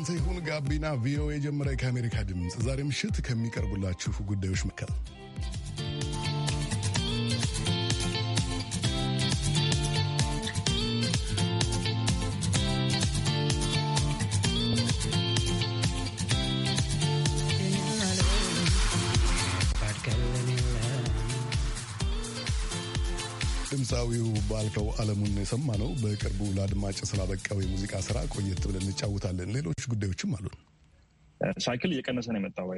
እናንተ ይሁን ጋቢና ቪኦኤ ጀመረ ከአሜሪካ ድምፅ ዛሬ ምሽት ከሚቀርቡላችሁ ጉዳዮች መካከል ባልከው አለሙን የሰማ ነው። በቅርቡ ለአድማጭ ስላበቃው የሙዚቃ ስራ ቆየት ብለን እንጫወታለን። ሌሎች ጉዳዮችም አሉ ሳይክል እየቀነሰ ነው የመጣው።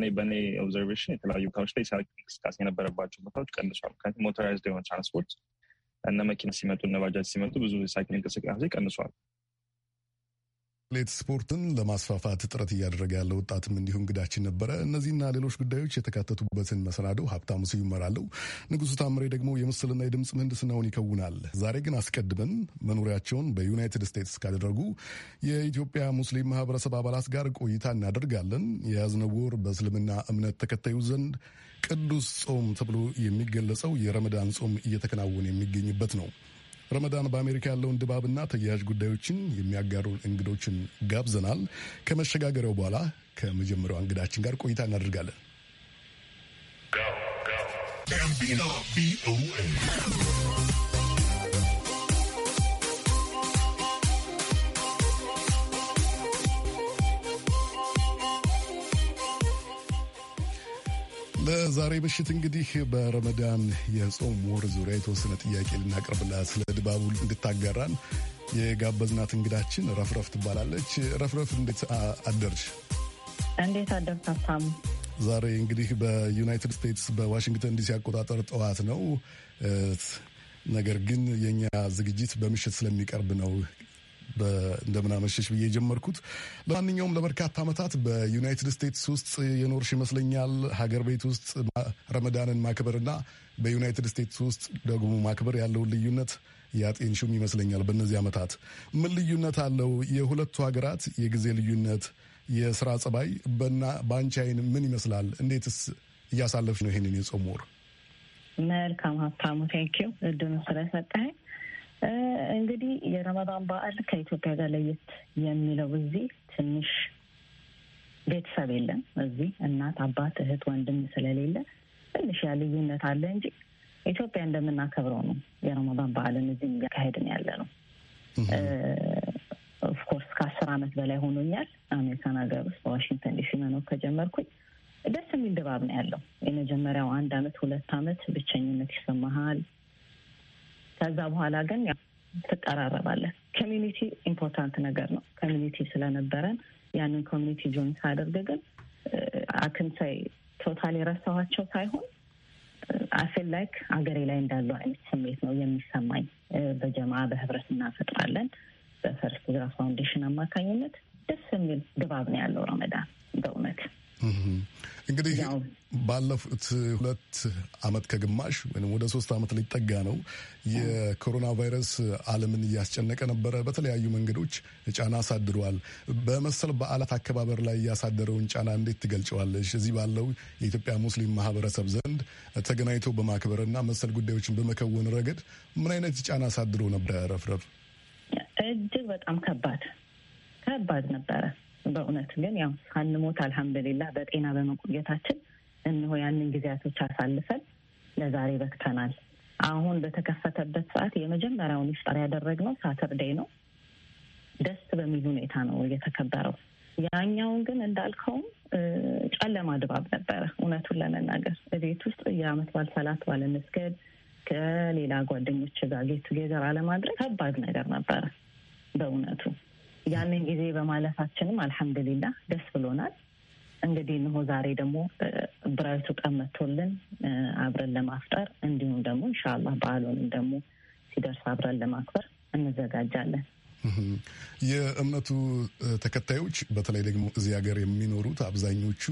እኔ በእኔ ኦብዘርቬሽን የተለያዩ ቦታዎች ላይ ሳይክል እንቅስቃሴ የነበረባቸው ቦታዎች ቀንሷል። ምክንያቱም ሞተራይዝድ የሆነ ትራንስፖርት እነ መኪና ሲመጡ እነ ባጃጅ ሲመጡ ብዙ ሳይክል እንቅስቃሴ ቀንሷል። ሌት ስፖርትን ለማስፋፋት ጥረት እያደረገ ያለ ወጣትም እንዲሁ እንግዳችን ነበረ። እነዚህና ሌሎች ጉዳዮች የተካተቱበትን መሰናዶ ሀብታሙ ስዩም ንጉሱ ታምሬ ደግሞ የምስልና የድምፅ ምህንድስናውን ይከውናል። ዛሬ ግን አስቀድመን መኖሪያቸውን በዩናይትድ ስቴትስ ካደረጉ የኢትዮጵያ ሙስሊም ማህበረሰብ አባላት ጋር ቆይታ እናደርጋለን። የያዝነው ወር በእስልምና እምነት ተከታዩ ዘንድ ቅዱስ ጾም ተብሎ የሚገለጸው የረመዳን ጾም እየተከናወነ የሚገኝበት ነው። ረመዳን በአሜሪካ ያለውን ድባብና ተያያዥ ጉዳዮችን የሚያጋሩ እንግዶችን ጋብዘናል። ከመሸጋገሪያው በኋላ ከመጀመሪያው እንግዳችን ጋር ቆይታ እናደርጋለን። ጋቢና ቪኦኤ ለዛሬ ምሽት እንግዲህ በረመዳን የጾም ወር ዙሪያ የተወሰነ ጥያቄ ልናቀርብላት ስለ ድባቡ እንድታጋራን የጋበዝናት እንግዳችን ረፍረፍ ትባላለች። ረፍረፍ እንዴት አደርሽ? እንዴት አደር ታሳሙ? ዛሬ እንግዲህ በዩናይትድ ስቴትስ በዋሽንግተን ዲሲ አቆጣጠር ጠዋት ነው። ነገር ግን የእኛ ዝግጅት በምሽት ስለሚቀርብ ነው እንደምናመሸሽ ብዬ የጀመርኩት። ለማንኛውም ለበርካታ ዓመታት በዩናይትድ ስቴትስ ውስጥ የኖርሽ ይመስለኛል። ሀገር ቤት ውስጥ ረመዳንን ማክበርና በዩናይትድ ስቴትስ ውስጥ ደግሞ ማክበር ያለውን ልዩነት ያጤንሹም ይመስለኛል። በእነዚህ ዓመታት ምን ልዩነት አለው? የሁለቱ ሀገራት የጊዜ ልዩነት፣ የስራ ጸባይ በና በአንቺ አይን ምን ይመስላል? እንዴትስ እያሳለፍሽ ነው ይህንን የጾም ወር? መልካም ሀብታሙ፣ ቴንኪው እድኑ ስለሰጠኸኝ። እንግዲህ የረመዳን በዓል ከኢትዮጵያ ጋር ለየት የሚለው እዚህ ትንሽ ቤተሰብ የለም። እዚህ እናት፣ አባት፣ እህት፣ ወንድም ስለሌለ ትንሽ ያ ልዩነት አለ እንጂ ኢትዮጵያ እንደምናከብረው ነው የረመዳን በዓልን እዚህ እያካሄድን ያለ ነው። ኦፍኮርስ ከአስር አመት በላይ ሆኖኛል አሜሪካን ሀገር ውስጥ በዋሽንግተን ዲሲ መኖር ከጀመርኩኝ ደስ የሚል ድባብ ነው ያለው። የመጀመሪያው አንድ አመት ሁለት አመት ብቸኝነት ይሰማሃል። ከዛ በኋላ ግን ትቀራረባለን። ኮሚኒቲ ኢምፖርታንት ነገር ነው። ኮሚኒቲ ስለነበረን ያንን ኮሚኒቲ ጆይን ሳደርግ ግን አክንሳይ ቶታል የረሳኋቸው ሳይሆን አፌል ላይክ አገሬ ላይ እንዳለው አይነት ስሜት ነው የሚሰማኝ። በጀማ በህብረት እናፈጥራለን። በፈርስት ግራ ፋውንዴሽን አማካኝነት ደስ የሚል ድባብ ነው ያለው ረመዳን በእውነት እንግዲህ ባለፉት ሁለት አመት ከግማሽ ወይም ወደ ሶስት ዓመት ሊጠጋ ነው። የኮሮና ቫይረስ አለምን እያስጨነቀ ነበረ። በተለያዩ መንገዶች ጫና አሳድሯል። በመሰል በዓላት አከባበር ላይ እያሳደረውን ጫና እንዴት ትገልጨዋለች እዚህ ባለው የኢትዮጵያ ሙስሊም ማህበረሰብ ዘንድ ተገናኝቶ በማክበር እና መሰል ጉዳዮችን በመከወን ረገድ ምን አይነት ጫና አሳድሮ ነበረ? ረፍረፍ እጅግ በጣም ከባድ ከባድ ነበረ። በእውነት ግን ያው ሳንሞት አልሐምዱሊላህ በጤና በመቆየታችን እንሆ ያንን ጊዜያቶች አሳልፈን ለዛሬ በክተናል። አሁን በተከፈተበት ሰዓት የመጀመሪያውን ይፍጠር ያደረግነው ሳተርዴይ ነው። ደስ በሚል ሁኔታ ነው የተከበረው። ያኛውን ግን እንዳልከውም ጨለማ ድባብ ነበረ። እውነቱን ለመናገር እቤት ውስጥ የአመት ባል ሰላት ባለመስገድ ከሌላ ጓደኞች ጋር ጌት ጌዘር አለማድረግ ከባድ ነገር ነበረ በእውነቱ ያንን ጊዜ በማለፋችንም አልሐምድሊላ ደስ ብሎናል። እንግዲህ እንሆ ዛሬ ደግሞ ብራዊቱ ቀን መጥቶልን አብረን ለማፍጠር እንዲሁም ደግሞ ኢንሻላህ በዓሉንም ደግሞ ሲደርስ አብረን ለማክበር እንዘጋጃለን። የእምነቱ ተከታዮች በተለይ ደግሞ እዚህ ሀገር የሚኖሩት አብዛኞቹ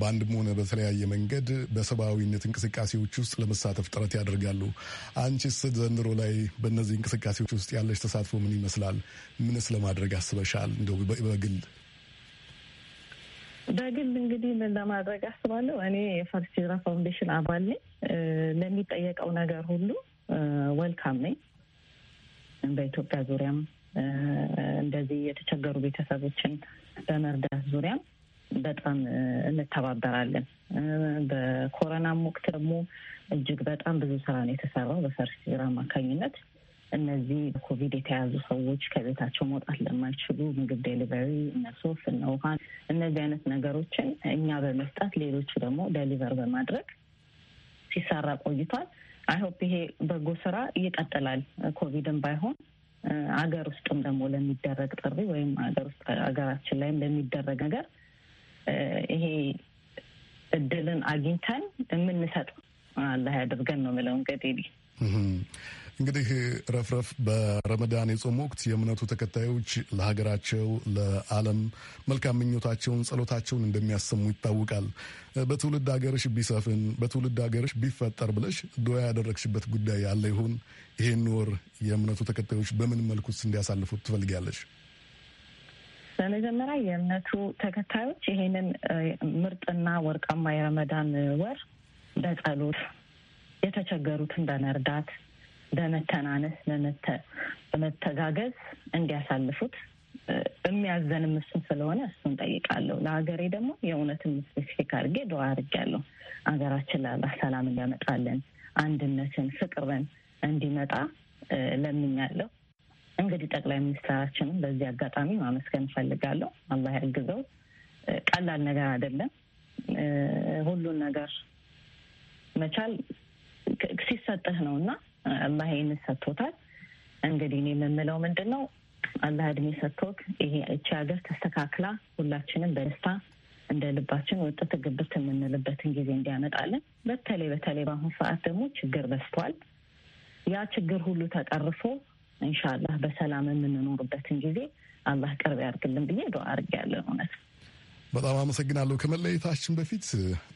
በአንድም ሆነ በተለያየ መንገድ በሰብአዊነት እንቅስቃሴዎች ውስጥ ለመሳተፍ ጥረት ያደርጋሉ። አንቺስ ዘንድሮ ላይ በእነዚህ እንቅስቃሴዎች ውስጥ ያለች ተሳትፎ ምን ይመስላል? ምንስ ለማድረግ አስበሻል? እንደው በግል በግል እንግዲህ ምን ለማድረግ አስባለሁ? እኔ የፈርስ ሂጅራ ፋውንዴሽን አባል ነኝ። ለሚጠየቀው ነገር ሁሉ ወልካም ነኝ። በኢትዮጵያ ዙሪያም እንደዚህ የተቸገሩ ቤተሰቦችን በመርዳት ዙሪያም በጣም እንተባበራለን። በኮረናም ወቅት ደግሞ እጅግ በጣም ብዙ ስራ ነው የተሰራው በፈርስራ አማካኝነት እነዚህ ኮቪድ የተያዙ ሰዎች ከቤታቸው መውጣት ለማይችሉ ምግብ ዴሊቨሪ፣ እነ ሶፍ እነ ውሃን እነዚህ አይነት ነገሮችን እኛ በመስጣት ሌሎቹ ደግሞ ዴሊቨር በማድረግ ሲሰራ ቆይቷል። አይሆፕ ይሄ በጎ ስራ ይቀጥላል። ኮቪድን ባይሆን አገር ውስጥም ደግሞ ለሚደረግ ጥሪ ወይም አገር ውስጥ ሀገራችን ላይም ለሚደረግ ነገር ይሄ እድልን አግኝተን የምንሰጠው አላህ ያደርገን ነው ምለው እንግዲህ እንግዲህ ረፍረፍ በረመዳን የጾም ወቅት የእምነቱ ተከታዮች ለሀገራቸው፣ ለዓለም መልካም ምኞታቸውን፣ ጸሎታቸውን እንደሚያሰሙ ይታወቃል። በትውልድ ሀገርሽ ቢሰፍን በትውልድ ሀገርሽ ቢፈጠር ብለሽ ዱዓ ያደረግሽበት ጉዳይ ያለ ይሁን። ይህን ወር የእምነቱ ተከታዮች በምን መልኩስ እንዲያሳልፉት ትፈልጊያለሽ? በመጀመሪያ የእምነቱ ተከታዮች ይሄንን ምርጥና ወርቃማ የረመዳን ወር በጸሎት የተቸገሩትን በመርዳት በመተናነስ፣ በመተጋገዝ እንዲያሳልፉት የሚያዘንም እሱን ስለሆነ እሱን ጠይቃለሁ። ለሀገሬ ደግሞ የእውነትን ስፔሲፊክ አድርጌ ዱዓ አድርጌያለሁ። ሀገራችን ላላ ሰላም እንዲያመጣለን አንድነትን፣ ፍቅርን እንዲመጣ ለምኛለሁ። እንግዲህ ጠቅላይ ሚኒስትራችንም በዚህ አጋጣሚ ማመስገን እፈልጋለሁ። አላህ ያግዘው። ቀላል ነገር አይደለም። ሁሉን ነገር መቻል ሲሰጥህ ነው እና አላህ ይህን ሰጥቶታል። እንግዲህ እኔ የምምለው ምንድን ነው አላህ እድሜ ሰጥቶክ ይሄ እቺ ሀገር ተስተካክላ ሁላችንም በደስታ እንደ ልባችን ወጥት ግብት የምንልበትን ጊዜ እንዲያመጣለን። በተለይ በተለይ በአሁኑ ሰዓት ደግሞ ችግር በስቷል። ያ ችግር ሁሉ ተቀርፎ እንሻላህ በሰላም የምንኖርበትን ጊዜ አላህ ቅርብ ያርግልን ብዬ ዶ አርግ ያለን እውነት በጣም አመሰግናለሁ። ከመለየታችን በፊት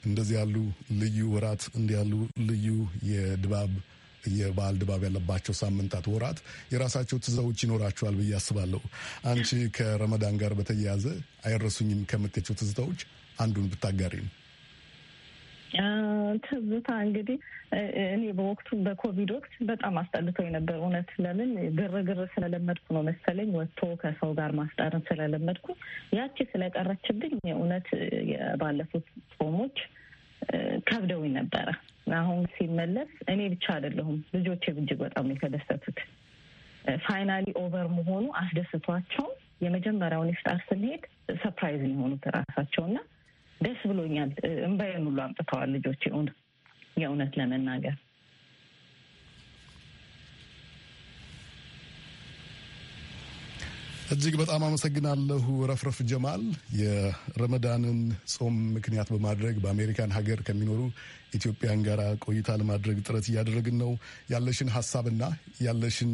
እንደዚህ ያሉ ልዩ ወራት እንዲህ ያሉ ልዩ የድባብ የበዓል ድባብ ያለባቸው ሳምንታት፣ ወራት የራሳቸው ትዛዎች ይኖራቸዋል ብዬ አስባለሁ። አንቺ ከረመዳን ጋር በተያያዘ አይረሱኝም ከምትያቸው ትዝታዎች አንዱን ብታጋሪ ነው። ትዝታ እንግዲህ እኔ በወቅቱ በኮቪድ ወቅት በጣም አስጠልቶኝ የነበር እውነት ለምን ግርግር ስለለመድኩ ነው መሰለኝ ወጥቶ ከሰው ጋር ማስጠርን ስለለመድኩ ያቺ ስለቀረችብኝ እውነት የባለፉት ጾሞች ከብደውኝ ነበረ። አሁን ሲመለስ እኔ ብቻ አይደለሁም ልጆቼ እጅግ በጣም የተደሰቱት ፋይናሊ ኦቨር መሆኑ አስደስቷቸው የመጀመሪያውን ኢፍጣር ስንሄድ ሰርፕራይዝ የሆኑት ራሳቸውና ደስ ብሎኛል። እምባዬን ሁሉ አምጥተዋል ልጆች የእውነት ለመናገር እጅግ በጣም አመሰግናለሁ ረፍረፍ ጀማል። የረመዳንን ጾም ምክንያት በማድረግ በአሜሪካን ሀገር ከሚኖሩ ኢትዮጵያን ጋር ቆይታ ለማድረግ ጥረት እያደረግን ነው። ያለሽን ሀሳብና ያለሽን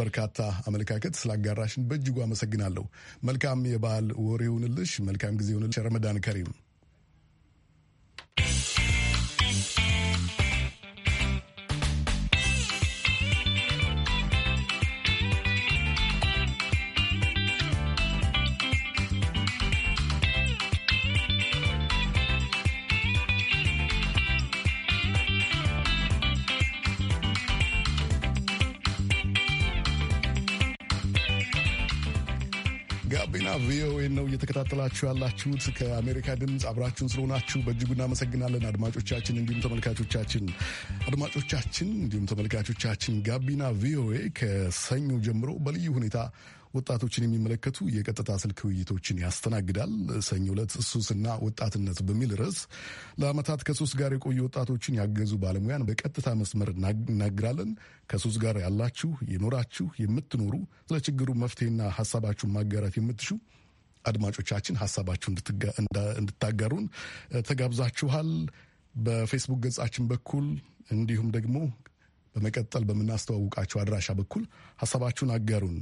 በርካታ አመለካከት ስላጋራሽን በእጅጉ አመሰግናለሁ። መልካም የበዓል ወር ይሁንልሽ። መልካም ጊዜ ይሁንልሽ። ረመዳን ከሪም ጋቢና ቪኦኤ ነው እየተከታተላችሁ ያላችሁት። ከአሜሪካ ድምፅ አብራችሁን ስለሆናችሁ በእጅጉ እናመሰግናለን። አድማጮቻችን እንዲሁም ተመልካቾቻችን አድማጮቻችን እንዲሁም ተመልካቾቻችን ጋቢና ቪኦኤ ከሰኞ ጀምሮ በልዩ ሁኔታ ወጣቶችን የሚመለከቱ የቀጥታ ስልክ ውይይቶችን ያስተናግዳል። ሰኞ ዕለት ሱስና ወጣትነት በሚል ርዕስ ለአመታት ከሱስ ጋር የቆዩ ወጣቶችን ያገዙ ባለሙያን በቀጥታ መስመር እናግራለን። ከሱስ ጋር ያላችሁ፣ የኖራችሁ፣ የምትኖሩ ስለ ችግሩ መፍትሄና ሀሳባችሁን ማጋራት የምትሹ አድማጮቻችን ሀሳባችሁ እንድታጋሩን ተጋብዛችኋል። በፌስቡክ ገጻችን በኩል እንዲሁም ደግሞ በመቀጠል በምናስተዋውቃቸው አድራሻ በኩል ሀሳባችሁን አጋሩን።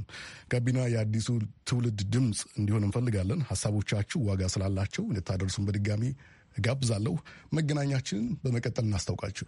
ጋቢና የአዲሱ ትውልድ ድምፅ እንዲሆን እንፈልጋለን። ሀሳቦቻችሁ ዋጋ ስላላቸው እንድታደርሱን በድጋሚ ጋብዛለሁ። መገናኛችንን በመቀጠል እናስታውቃችሁ።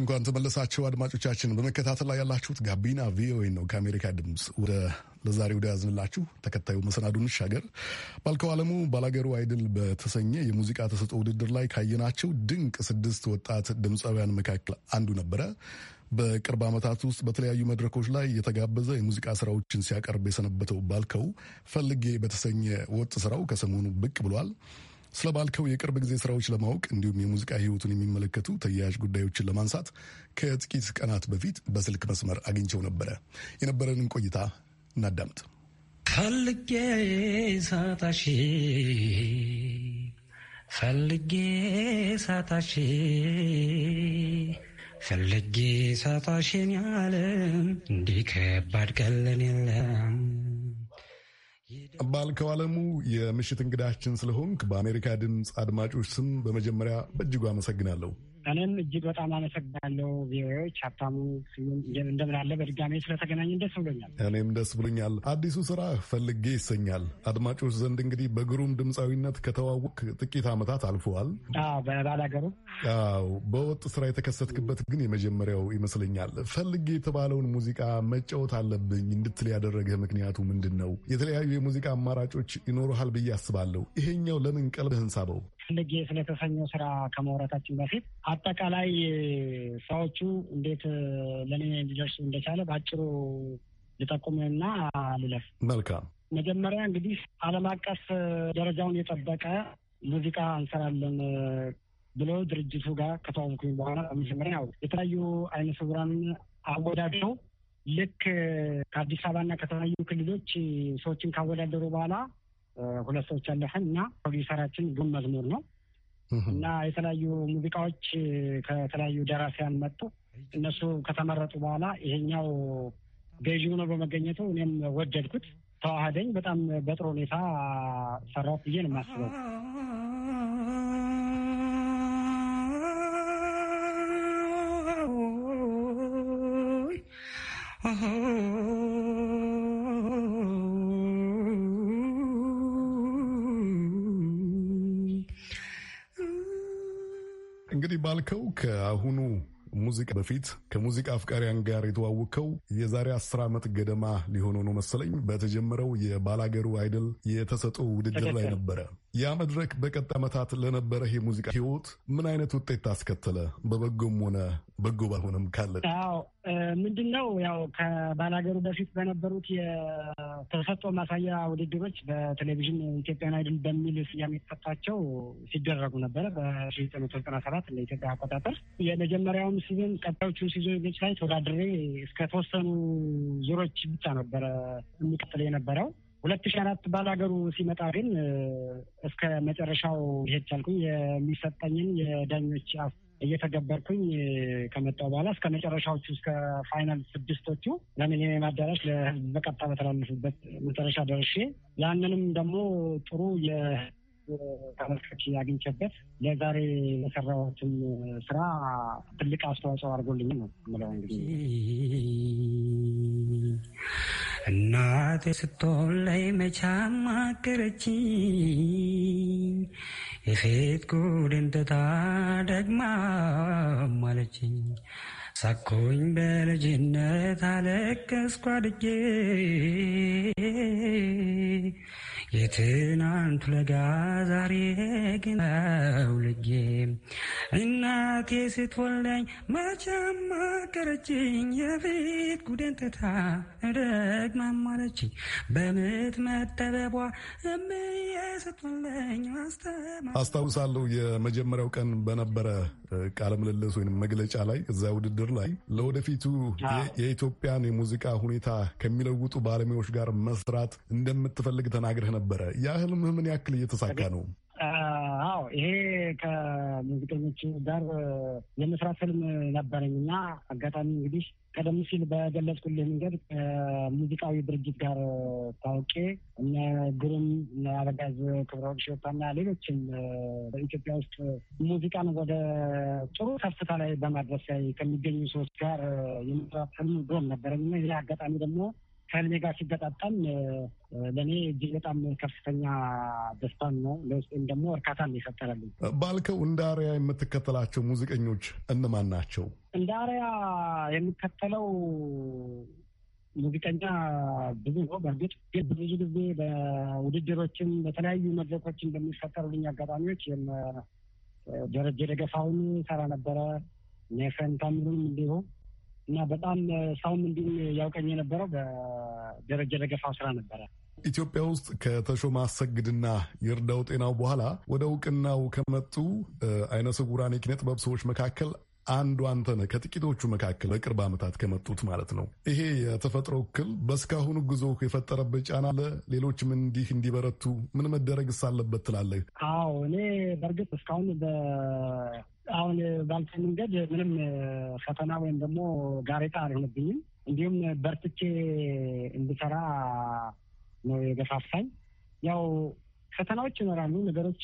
እንኳን ተመለሳቸው አድማጮቻችን። በመከታተል ላይ ያላችሁት ጋቢና ቪኦኤ ነው ከአሜሪካ ድምፅ። ወደ ለዛሬ ወደ ያዝንላችሁ ተከታዩ መሰናዱ እንሻገር። ባልከው አለሙ ባላገሩ አይድል በተሰኘ የሙዚቃ ተሰጥኦ ውድድር ላይ ካየናቸው ድንቅ ስድስት ወጣት ድምፃውያን መካከል አንዱ ነበረ። በቅርብ ዓመታት ውስጥ በተለያዩ መድረኮች ላይ የተጋበዘ የሙዚቃ ስራዎችን ሲያቀርብ የሰነበተው ባልከው ፈልጌ በተሰኘ ወጥ ስራው ከሰሞኑ ብቅ ብሏል። ስለ ባልከው የቅርብ ጊዜ ስራዎች ለማወቅ እንዲሁም የሙዚቃ ህይወቱን የሚመለከቱ ተያያዥ ጉዳዮችን ለማንሳት ከጥቂት ቀናት በፊት በስልክ መስመር አግኝቸው ነበረ። የነበረንን ቆይታ እናዳምጥ። ፈልጌ ሳታሺ ፈልጌ ሳታሺ ፈልጌ ሳታሽን ያለም እንዲህ ከባድ ቀለን የለም ባልከው ዓለሙ የምሽት እንግዳችን ስለሆንክ በአሜሪካ ድምፅ አድማጮች ስም በመጀመሪያ በእጅጉ አመሰግናለሁ። እኔም እጅግ በጣም አመሰግናለሁ። ቪኦኤዎች ሀብታሙ እንደምን አለ። በድጋሚ ስለተገናኘን ደስ ብሎኛል። እኔም ደስ ብሎኛል። አዲሱ ስራ ፈልጌ ይሰኛል። አድማጮች ዘንድ እንግዲህ በግሩም ድምፃዊነት ከተዋወቅ ጥቂት ዓመታት አልፈዋል። በባላገሩ በወጥ ስራ የተከሰትክበት ግን የመጀመሪያው ይመስለኛል። ፈልጌ የተባለውን ሙዚቃ መጫወት አለብኝ እንድትል ያደረገ ምክንያቱ ምንድን ነው? የተለያዩ የሙዚቃ አማራጮች ይኖረሃል ብዬ አስባለሁ። ይሄኛው ለምን ቀልብህን ሳበው? ትልቅ የስነ ስራ ከማውራታችን በፊት አጠቃላይ ስራዎቹ እንዴት ለእኔ ሊደርሱ እንደቻለ በአጭሩ ልጠቁምና ልለፍ። መልካም። መጀመሪያ እንግዲህ ዓለም አቀፍ ደረጃውን የጠበቀ ሙዚቃ እንሰራለን ብሎ ድርጅቱ ጋር ከተዋወኩኝ በኋላ በመጀመሪያ ያው የተለያዩ አይነ ስውራን አወዳድረው ልክ ከአዲስ አበባና ከተለያዩ ክልሎች ሰዎችን ካወዳደሩ በኋላ ሁለት ሰዎች አለፈን እና ፕሮዲሰራችን ግሩም መዝሙር ነው እና የተለያዩ ሙዚቃዎች ከተለያዩ ደራሲያን መጡ። እነሱ ከተመረጡ በኋላ ይሄኛው ገዢ ሆኖ በመገኘቱ እኔም ወደድኩት፣ ተዋህደኝ። በጣም በጥሩ ሁኔታ ሰራት ብዬ ነው የማስበው። Oh እንግዲህ ባልከው ከአሁኑ ሙዚቃ በፊት ከሙዚቃ አፍቃሪያን ጋር የተዋወቅከው የዛሬ አስር ዓመት ገደማ ሊሆን ነው መሰለኝ በተጀመረው የባላገሩ አይደል የተሰጠው ውድድር ላይ ነበረ። ያ መድረክ ዓመታት ለነበረህ የሙዚቃ ህይወት ምን አይነት ውጤት አስከተለ? በበጎም ሆነ በጎ ባልሆነም ካለ ምንድን ነው ያው ከባላገሩ በፊት በነበሩት የተሰጥኦ ማሳያ ውድድሮች በቴሌቪዥን ኢትዮጵያን አይድል በሚል ስያሜ የተሰጣቸው ሲደረጉ ነበረ። በሺህ ዘጠኝ መቶ ዘጠና ሰባት እንደ ኢትዮጵያ አቆጣጠር የመጀመሪያውም ሲዝን ቀጣዮቹን ሲዞች ላይ ተወዳድሬ እስከ ተወሰኑ ዙሮች ብቻ ነበረ የሚቀጥል የነበረው ሁለት ሺ አራት ባላገሩ ሲመጣ ግን እስከ መጨረሻው ሄድ ቻልኩኝ። የሚሰጠኝን የዳኞች እየተገበርኩኝ ከመጣው በኋላ እስከ መጨረሻዎቹ እስከ ፋይናል ስድስቶቹ ለምን ይሄ ማዳራሽ ለህዝብ በቀጥታ በተላለፉበት መጨረሻ ደርሼ ያንንም ደግሞ ጥሩ ተሞሾች ያግኝቼበት ለዛሬ የሰራሁትን ስራ ትልቅ አስተዋጽኦ አድርጎልኝ ነው ምለው እንግዲህ እናቴ ስትሆን ላይ መቻ አገረችኝ የፌት ጉድንትታ ደግማ ማለችኝ ሳኮኝ በልጅነት አለቅ ድጌ የትናንቱ ለጋ ዛሬ ግን ውልጌ እናቴ ስትወልደኝ መቼም አቀረችኝ የፊት ጉዴን ትታ ደግማ ማለችኝ በምት መጠበቧ እምዬ ስትወልደኝ አስታውሳለሁ። የመጀመሪያው ቀን በነበረ ቃለ ምልልስ ወይም መግለጫ ላይ እዛ ውድድር ላይ ለወደፊቱ የኢትዮጵያን የሙዚቃ ሁኔታ ከሚለውጡ ባለሙያዎች ጋር መስራት እንደምትፈልግ ተናግረህ ነበረ። ያህል ምን ያክል እየተሳካ ነው? አዎ ይሄ ከሙዚቀኞች ጋር የመስራት ህልም ነበረኝ እና አጋጣሚ እንግዲህ ቀደም ሲል በገለጽኩልህ መንገድ ከሙዚቃዊ ድርጅት ጋር ታውቄ እነ ግሩም እነ አበጋዝ ክብረወርቅ ሽዮታና ሌሎችም በኢትዮጵያ ውስጥ ሙዚቃን ወደ ጥሩ ከፍታ ላይ በማድረስ ላይ ከሚገኙ ሰዎች ጋር የመስራት ህልም ድሮም ነበረኝ እና ይህ አጋጣሚ ደግሞ ከህልሜ ጋር ሲገጣጠም ለእኔ እጅግ በጣም ከፍተኛ ደስታን ነው ለውስጤም ደግሞ እርካታን የፈጠረልኝ። ባልከው እንደ አርያ የምትከተላቸው ሙዚቀኞች እነማን ናቸው? እንደ አርያ የምከተለው ሙዚቀኛ ብዙ ነው። በእርግጥ ግን ብዙ ጊዜ በውድድሮችም በተለያዩ መድረኮችን በሚፈጠሩልኝ አጋጣሚዎች ደረጀ ደገፋውን ሰራ ነበረ፣ ኔፈን ታምሩም እንዲሁም እና በጣም ሰውም እንዲሁም ያውቀኝ የነበረው በደረጀ ደገፋው ስራ ነበረ። ኢትዮጵያ ውስጥ ከተሾመ አሰግድና ይርዳው ጤናው በኋላ ወደ እውቅናው ከመጡ አይነ ስውራን የኪነ ጥበብ ሰዎች መካከል አንዱ አንተነህ ከጥቂቶቹ መካከል በቅርብ ዓመታት ከመጡት ማለት ነው። ይሄ የተፈጥሮ እክል በእስካሁኑ ጉዞ የፈጠረበት ጫና አለ? ሌሎችም እንዲህ እንዲበረቱ ምን መደረግስ አለበት ትላለህ? አዎ እኔ በእርግጥ እስካሁን አሁን ባልተ መንገድ ምንም ፈተና ወይም ደግሞ ጋሬጣ አልሆነብኝም። እንዲሁም በርትቼ እንድሰራ ነው የገፋፋኝ። ያው ፈተናዎች ይኖራሉ። ነገሮች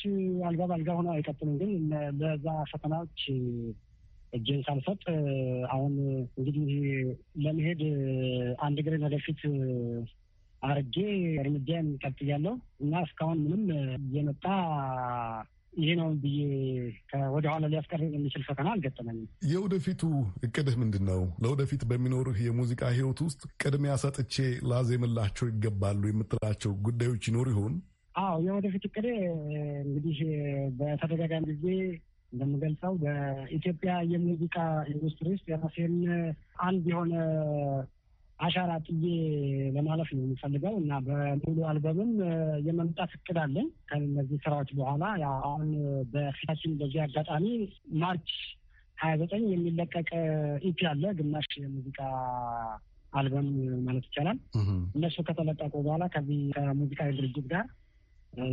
አልጋ ባልጋ ሆነው አይቀጥሉም። ግን በዛ ፈተናዎች እጅን ሳልሰጥ አሁን እንግዲህ ለመሄድ አንድ እግርን ወደፊት አርጌ እርምጃ ቀጥያለሁ እና እስካሁን ምንም እየመጣ ይሄ ነው ብዬ ወደኋላ ሊያስቀር የሚችል ፈተና አልገጠመኝም። የወደፊቱ እቅድህ ምንድን ነው? ለወደፊት በሚኖርህ የሙዚቃ ህይወት ውስጥ ቅድሚያ ሰጥቼ ላዜምላቸው ይገባሉ የምትላቸው ጉዳዮች ይኖሩ ይሆን? አዎ የወደፊት እቅድ እንግዲህ በተደጋጋሚ ጊዜ እንደምገልጸው በኢትዮጵያ የሙዚቃ ኢንዱስትሪ ውስጥ የራሴን አንድ የሆነ አሻራ ጥዬ ለማለፍ ነው የሚፈልገው እና በሙሉ አልበምም የመምጣት እቅድ አለኝ። ከነዚህ ስራዎች በኋላ አሁን በፊታችን በዚህ አጋጣሚ ማርች ሀያ ዘጠኝ የሚለቀቅ ኢፒ አለ ግማሽ የሙዚቃ አልበም ማለት ይቻላል። እነሱ ከተለቀቁ በኋላ ከዚህ ከሙዚቃዊ ድርጅት ጋር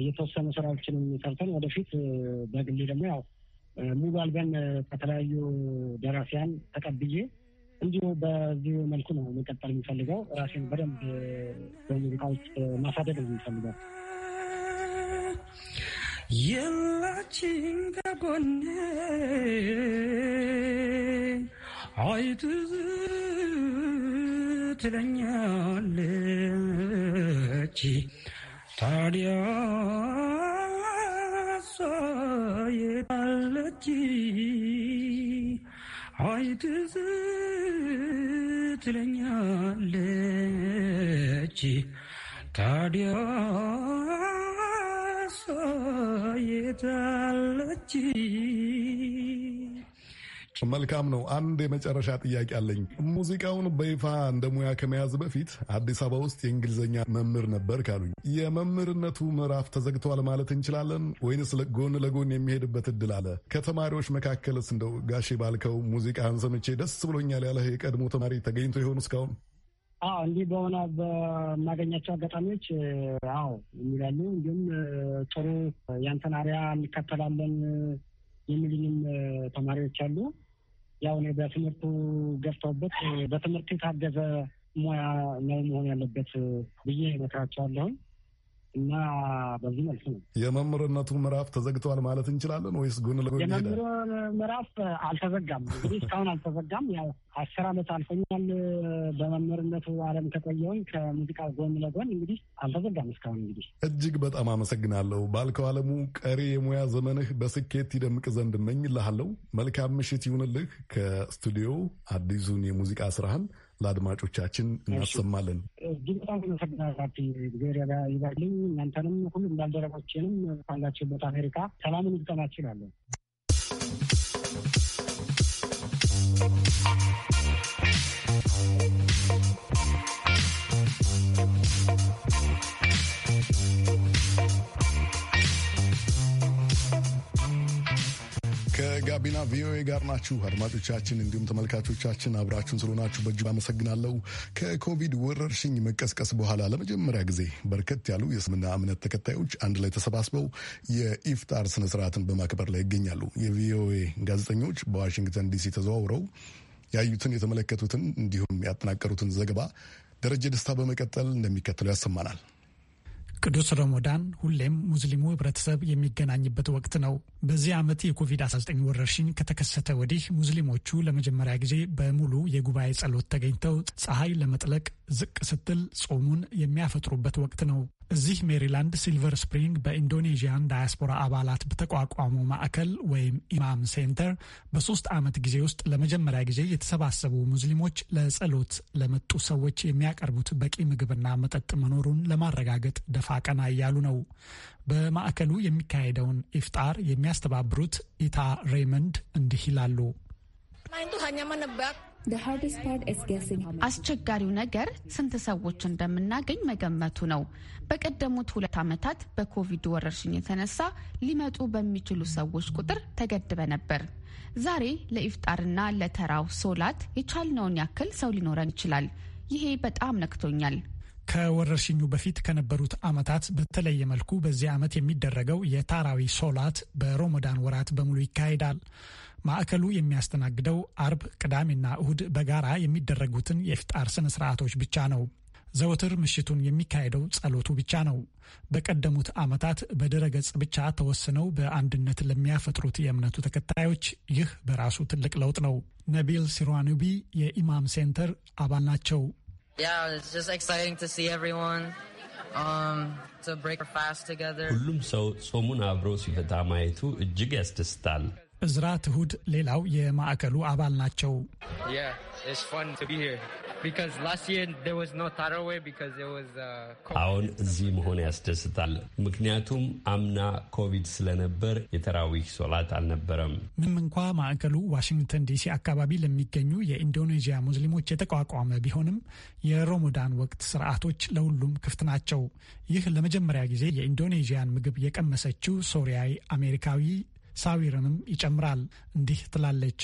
የተወሰኑ ስራዎችን ሰርተን ወደፊት በግሌ ደግሞ ያው አልበን ከተለያዩ ደራሲያን ተቀብዬ እንዲሁ በዚህ መልኩ ነው መቀጠል የሚፈልገው። ራሴን በደንብ ውስጥ ማሳደግ ነው የሚፈልገው። የላችን ከጎኔ አይት ትለኛለች ታዲያ አይ ትዝ ትለኛለች ታዲያ ሰየታለች መልካም ነው። አንድ የመጨረሻ ጥያቄ አለኝ። ሙዚቃውን በይፋ እንደ ሙያ ከመያዝ በፊት አዲስ አበባ ውስጥ የእንግሊዝኛ መምህር ነበር ካሉኝ፣ የመምህርነቱ ምዕራፍ ተዘግተዋል ማለት እንችላለን ወይንስ ጎን ለጎን የሚሄድበት እድል አለ? ከተማሪዎች መካከልስ እንደው ጋሼ ባልከው ሙዚቃን ሰምቼ ደስ ብሎኛል ያለህ የቀድሞ ተማሪ ተገኝቶ የሆኑ እስካሁን? አዎ እንዲህ በሆነ በማገኛቸው አጋጣሚዎች አዎ የሚላሉ እንዲሁም ጥሩ ያንተን እንከተላለን የሚሉኝም ተማሪዎች አሉ። ያው እኔ በትምህርቱ ገፍተውበት በትምህርት የታገዘ ሙያ ነው መሆን ያለበት ብዬ እመክራቸዋለሁኝ። እና በዚህ መልክ ነው የመምህርነቱ ምዕራፍ ተዘግተዋል ማለት እንችላለን ወይስ ጎን ለጎን የመምህር ምዕራፍ አልተዘጋም? እንግዲህ እስካሁን አልተዘጋም። ያው አስር ዓመት አልፈኛል በመምህርነቱ ዓለም ከቆየውን ከሙዚቃ ጎን ለጎን እንግዲህ አልተዘጋም እስካሁን። እንግዲህ እጅግ በጣም አመሰግናለሁ ባልከው ዓለሙ፣ ቀሪ የሙያ ዘመንህ በስኬት ይደምቅ ዘንድ እመኝልሃለሁ። መልካም ምሽት ይሁንልህ። ከስቱዲዮ አዲሱን የሙዚቃ ስራህን ለአድማጮቻችን እናሰማለን። እጅግ በጣም እናንተንም ሁሉም ባልደረቦችንም ባላችሁበት አሜሪካ ሰላምን ይግጠማችሁ Thank you. ጋቢና ቪኦኤ ጋር ናችሁ አድማጮቻችን፣ እንዲሁም ተመልካቾቻችን አብራችሁን ስለሆናችሁ በእጅጉ አመሰግናለሁ። ከኮቪድ ወረርሽኝ መቀስቀስ በኋላ ለመጀመሪያ ጊዜ በርከት ያሉ የእስልምና እምነት ተከታዮች አንድ ላይ ተሰባስበው የኢፍጣር ስነስርዓትን በማክበር ላይ ይገኛሉ። የቪኦኤ ጋዜጠኞች በዋሽንግተን ዲሲ ተዘዋውረው ያዩትን፣ የተመለከቱትን እንዲሁም ያጠናቀሩትን ዘገባ ደረጀ ደስታ በመቀጠል እንደሚከተለው ያሰማናል። ቅዱስ ሮሞዳን ሁሌም ሙስሊሙ ህብረተሰብ የሚገናኝበት ወቅት ነው። በዚህ ዓመት የኮቪድ-19 ወረርሽኝ ከተከሰተ ወዲህ ሙስሊሞቹ ለመጀመሪያ ጊዜ በሙሉ የጉባኤ ጸሎት ተገኝተው ፀሐይ ለመጥለቅ ዝቅ ስትል ጾሙን የሚያፈጥሩበት ወቅት ነው። እዚህ ሜሪላንድ ሲልቨር ስፕሪንግ በኢንዶኔዥያን ዳያስፖራ አባላት በተቋቋሙ ማዕከል ወይም ኢማም ሴንተር በሶስት ዓመት ጊዜ ውስጥ ለመጀመሪያ ጊዜ የተሰባሰቡ ሙስሊሞች ለጸሎት ለመጡ ሰዎች የሚያቀርቡት በቂ ምግብና መጠጥ መኖሩን ለማረጋገጥ ደፋ ቀና እያሉ ነው። በማዕከሉ የሚካሄደውን ኢፍጣር የሚያስተባብሩት ኢታ ሬይመንድ እንዲህ ይላሉ። አስቸጋሪው ነገር ስንት ሰዎች እንደምናገኝ መገመቱ ነው። በቀደሙት ሁለት ዓመታት በኮቪድ ወረርሽኝ የተነሳ ሊመጡ በሚችሉ ሰዎች ቁጥር ተገድበ ነበር። ዛሬ ለኢፍጣርና ለተራው ሶላት የቻልነውን ያክል ሰው ሊኖረን ይችላል። ይሄ በጣም ነክቶኛል። ከወረርሽኙ በፊት ከነበሩት ዓመታት በተለየ መልኩ በዚህ ዓመት የሚደረገው የታራዊ ሶላት በሮሞዳን ወራት በሙሉ ይካሄዳል። ማዕከሉ የሚያስተናግደው አርብ፣ ቅዳሜና እሁድ በጋራ የሚደረጉትን የፍጣር ስነ ስርዓቶች ብቻ ነው። ዘወትር ምሽቱን የሚካሄደው ጸሎቱ ብቻ ነው። በቀደሙት ዓመታት በድረገጽ ብቻ ተወስነው በአንድነት ለሚያፈጥሩት የእምነቱ ተከታዮች ይህ በራሱ ትልቅ ለውጥ ነው። ነቢል ሲሯኑቢ የኢማም ሴንተር አባል ናቸው። um, ሁሉም ሰው ጾሙን አብሮ ሲፈታ ማየቱ እጅግ ያስደስታል። እዝራ ትሁድ ሌላው የማዕከሉ አባል ናቸው። uh, አሁን እዚህ መሆን ያስደስታል። ምክንያቱም አምና ኮቪድ ስለነበር የተራዊህ ሶላት አልነበረም። ምንም እንኳ ማዕከሉ ዋሽንግተን ዲሲ አካባቢ ለሚገኙ የኢንዶኔዥያ ሙስሊሞች የተቋቋመ ቢሆንም የሮሞዳን ወቅት ስርዓቶች ለሁሉም ክፍት ናቸው። ይህ ለመጀመሪያ ጊዜ የኢንዶኔዥያን ምግብ የቀመሰችው ሶሪያዊ አሜሪካዊ ሳዊርንም ይጨምራል። እንዲህ ትላለች።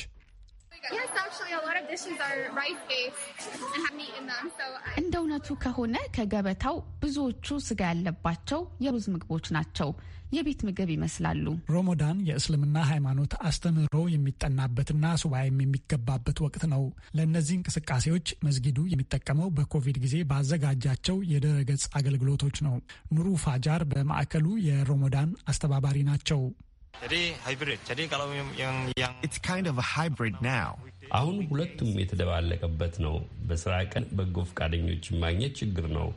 እንደ እውነቱ ከሆነ ከገበታው ብዙዎቹ ስጋ ያለባቸው የሩዝ ምግቦች ናቸው። የቤት ምግብ ይመስላሉ። ሮሞዳን የእስልምና ሃይማኖት አስተምህሮ የሚጠናበትና ሱባኤም የሚገባበት ወቅት ነው። ለእነዚህ እንቅስቃሴዎች መስጊዱ የሚጠቀመው በኮቪድ ጊዜ ባዘጋጃቸው የድረገጽ አገልግሎቶች ነው። ኑሩ ፋጃር በማዕከሉ የሮሞዳን አስተባባሪ ናቸው። It's kind of a hybrid now. አሁን ሁለቱም የተደባለቀበት ነው። በስራ ቀን በጎ ፈቃደኞች ማግኘት ችግር ነው፣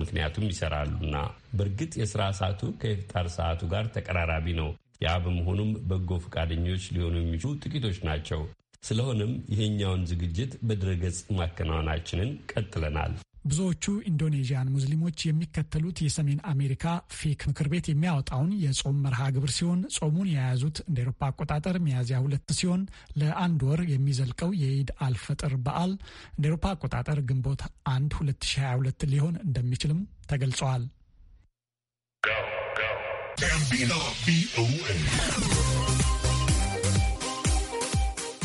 ምክንያቱም ይሰራሉና። በእርግጥ የስራ ሰዓቱ ከኢፍጣር ሰዓቱ ጋር ተቀራራቢ ነው። ያ በመሆኑም በጎ ፈቃደኞች ሊሆኑ የሚችሉ ጥቂቶች ናቸው። ስለሆነም ይሄኛውን ዝግጅት በድረገጽ ማከናወናችንን ቀጥለናል። ብዙዎቹ ኢንዶኔዥያን ሙስሊሞች የሚከተሉት የሰሜን አሜሪካ ፌክ ምክር ቤት የሚያወጣውን የጾም መርሃ ግብር ሲሆን ጾሙን የያዙት እንደ ኤሮፓ አቆጣጠር ሚያዝያ ሁለት ሲሆን ለአንድ ወር የሚዘልቀው የኢድ አልፈጥር በዓል እንደ ኤሮፓ አቆጣጠር ግንቦት አንድ 2022 ሊሆን እንደሚችልም ተገልጸዋል።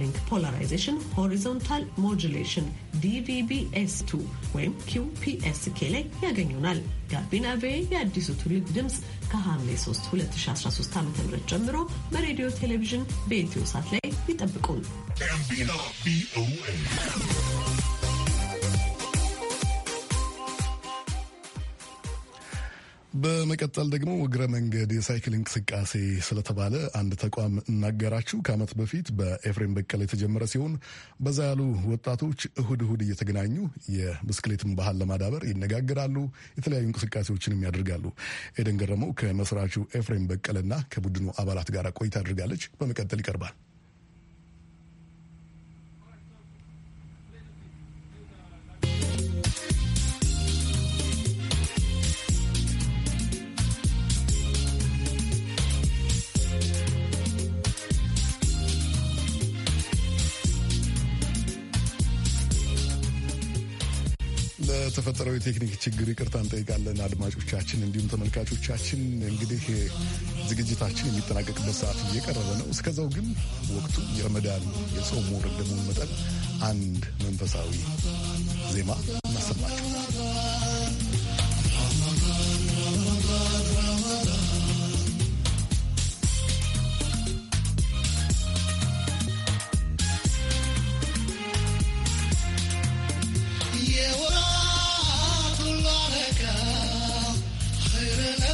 ሊንክ ፖላራይዜሽን ሆሪዞንታል ሞጁሌሽን ዲቪቢኤስ2 ወይም ኪውፒኤስኬ ላይ ያገኙናል። ጋቢና ቬ የአዲሱ ትውልድ ድምፅ ከሐምሌ 3 2013 ዓ ም ጀምሮ በሬዲዮ ቴሌቪዥን፣ በኢትዮ ሳት ላይ ይጠብቁን። በመቀጠል ደግሞ እግረ መንገድ የሳይክል እንቅስቃሴ ስለተባለ አንድ ተቋም እናገራችሁ። ከዓመት በፊት በኤፍሬም በቀለ የተጀመረ ሲሆን በዛ ያሉ ወጣቶች እሁድ እሁድ እየተገናኙ የብስክሌትን ባህል ለማዳበር ይነጋገራሉ፣ የተለያዩ እንቅስቃሴዎችንም ያደርጋሉ። ኤደን ገረመው ከመስራቹ ኤፍሬም በቀለና ከቡድኑ አባላት ጋር ቆይታ አድርጋለች። በመቀጠል ይቀርባል። ለተፈጠረው የቴክኒክ ችግር ይቅርታ እንጠይቃለን። አድማጮቻችን እንዲሁም ተመልካቾቻችን እንግዲህ ዝግጅታችን የሚጠናቀቅበት ሰዓት እየቀረበ ነው። እስከዛው ግን ወቅቱ የረመዳን የጾም ወር እንደመሆኑ መጠን አንድ መንፈሳዊ ዜማ እናሰማቸው።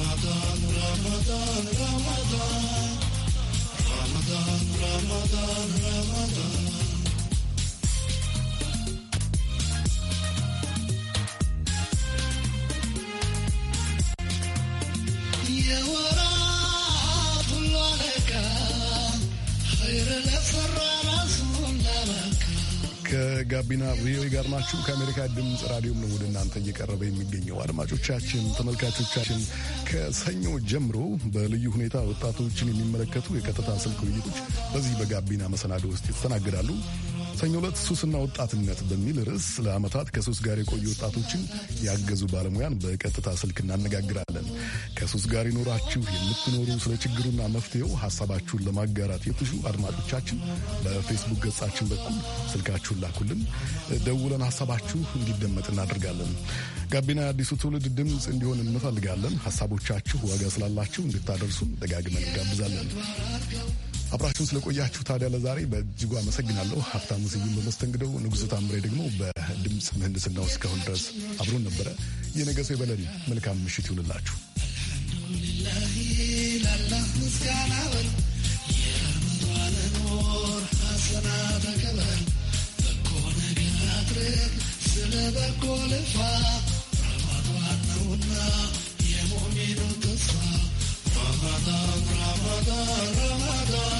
Ramadan, Ramadan, Ramadan. Ramadan, Ramadan, Ramadan. ጋቢና ቪኦኤ ጋር ናችሁ። ከአሜሪካ ድምፅ ራዲዮም ነው ወደ እናንተ እየቀረበ የሚገኘው። አድማጮቻችን፣ ተመልካቾቻችን ከሰኞ ጀምሮ በልዩ ሁኔታ ወጣቶችን የሚመለከቱ የቀጥታ ስልክ ውይይቶች በዚህ በጋቢና መሰናዶ ውስጥ ይስተናግዳሉ። ሰኞ ዕለት ሱስና ወጣትነት በሚል ርዕስ ለዓመታት ከሱስ ጋር የቆዩ ወጣቶችን ያገዙ ባለሙያን በቀጥታ ስልክ እናነጋግራለን። ከሱስ ጋር ይኖራችሁ የምትኖሩ ስለ ችግሩና መፍትሄው ሀሳባችሁን ለማጋራት የትሹ አድማጮቻችን በፌስቡክ ገጻችን በኩል ስልካችሁን ላኩልን። ደውለን ሀሳባችሁ እንዲደመጥ እናደርጋለን። ጋቢና የአዲሱ ትውልድ ድምፅ እንዲሆን እንፈልጋለን። ሀሳቦቻችሁ ዋጋ ስላላችሁ እንድታደርሱን ደጋግመን እንጋብዛለን። አብራችሁን ስለቆያችሁ ታዲያ ለዛሬ በእጅጉ አመሰግናለሁ። ሀብታሙ ስዩም በመስተንግደው፣ ንጉሥ ታምሬ ደግሞ በድምፅ ምህንድስናው እስካሁን ድረስ አብሮን ነበረ። የነገ ሰው ይበለን። መልካም ምሽት ይሁንላችሁ። Ramadan, Ramadan, Ramadan.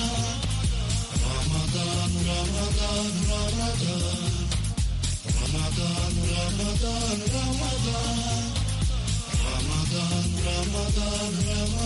Ramadan, Ramadan, Ramadan, Ramadan, Ramadan. Ramadan.